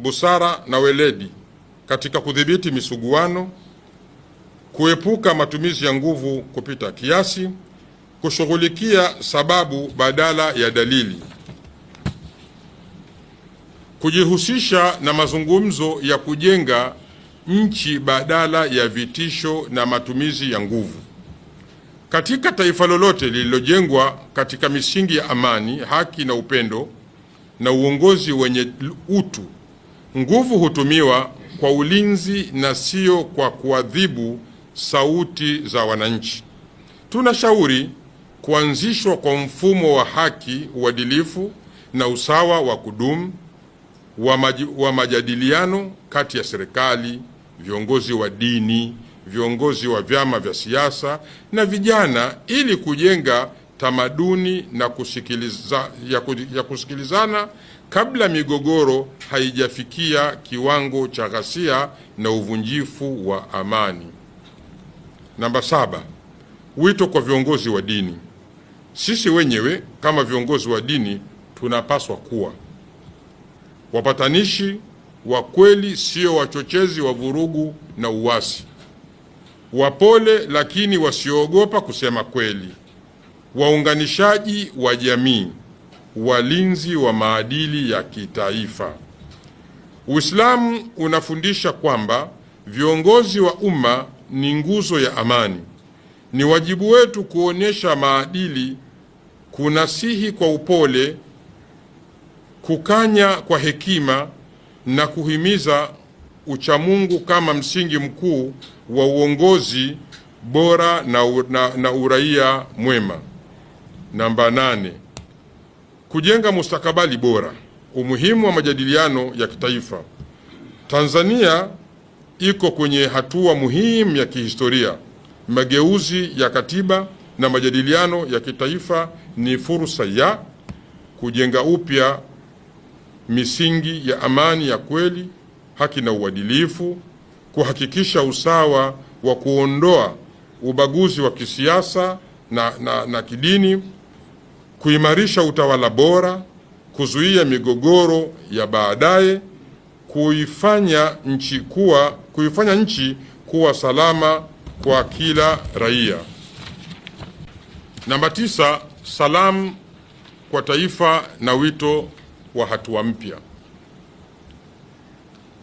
busara na weledi katika kudhibiti misuguano, kuepuka matumizi ya nguvu kupita kiasi, kushughulikia sababu badala ya dalili, kujihusisha na mazungumzo ya kujenga nchi badala ya vitisho na matumizi ya nguvu. Katika taifa lolote lililojengwa katika misingi ya amani, haki na upendo na uongozi wenye utu Nguvu hutumiwa kwa ulinzi na sio kwa kuadhibu sauti za wananchi. Tunashauri kuanzishwa kwa mfumo wa haki, uadilifu na usawa wa kudumu wa, maj wa majadiliano kati ya serikali, viongozi wa dini, viongozi wa vyama vya siasa na vijana ili kujenga tamaduni na kusikiliza, ya, ya kusikilizana kabla migogoro haijafikia kiwango cha ghasia na uvunjifu wa amani. Namba saba, wito kwa viongozi wa dini. Sisi wenyewe kama viongozi wa dini tunapaswa kuwa wapatanishi wa kweli, sio wachochezi wa vurugu na uasi, wapole lakini wasioogopa kusema kweli waunganishaji wa jamii, walinzi wa maadili ya kitaifa. Uislamu unafundisha kwamba viongozi wa umma ni nguzo ya amani. Ni wajibu wetu kuonyesha maadili, kunasihi kwa upole, kukanya kwa hekima na kuhimiza uchamungu kama msingi mkuu wa uongozi bora na, na, na uraia mwema. Namba nane, kujenga mustakabali bora. Umuhimu wa majadiliano ya kitaifa. Tanzania iko kwenye hatua muhimu ya kihistoria. Mageuzi ya katiba na majadiliano ya kitaifa ni fursa ya kujenga upya misingi ya amani ya kweli, haki na uadilifu, kuhakikisha usawa wa kuondoa ubaguzi wa kisiasa na, na, na kidini kuimarisha utawala bora, kuzuia migogoro ya baadaye, kuifanya nchi kuwa kuifanya nchi kuwa salama kwa kila raia. Namba tisa, salamu kwa taifa na wito wa hatua mpya.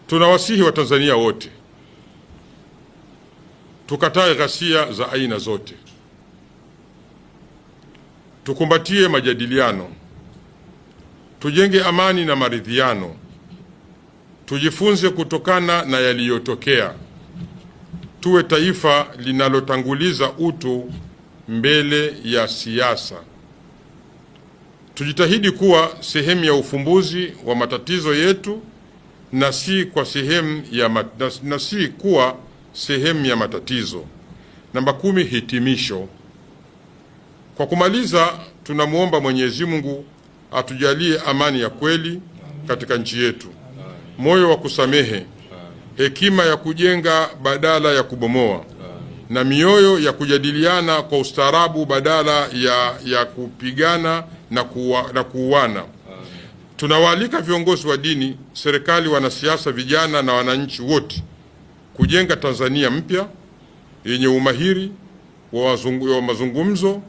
Tunawasihi Watanzania wote tukatae ghasia za aina zote. Tukumbatie majadiliano, tujenge amani na maridhiano, tujifunze kutokana na yaliyotokea, tuwe taifa linalotanguliza utu mbele ya siasa. Tujitahidi kuwa sehemu ya ufumbuzi wa matatizo yetu na si kwa sehemu ya mat, na, na si kuwa sehemu ya matatizo. Namba kumi, hitimisho. Kwa kumaliza, tunamwomba Mwenyezi Mungu atujalie amani ya kweli katika nchi yetu, moyo wa kusamehe, hekima ya kujenga badala ya kubomoa, na mioyo ya kujadiliana kwa ustaarabu badala ya, ya kupigana na, kuwa, na kuuana. Tunawaalika viongozi wa dini, serikali, wanasiasa, vijana na wananchi wote kujenga Tanzania mpya yenye umahiri wa, wa mazungumzo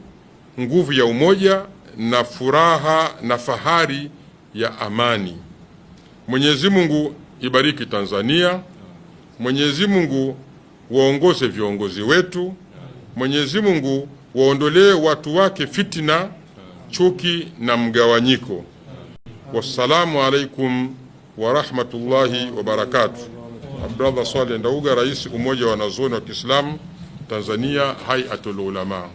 nguvu ya umoja na furaha na fahari ya amani. Mwenyezi Mungu ibariki Tanzania. Mwenyezi Mungu waongoze viongozi wetu. Mwenyezi Mungu waondolee watu wake fitina, chuki na mgawanyiko. Wassalamu alaikum warahmatullahi wabarakatuh. Abdallah Saleh Ndauga, Rais Umoja wa Wanazuoni wa Kiislamu Tanzania, Hayatul Ulama.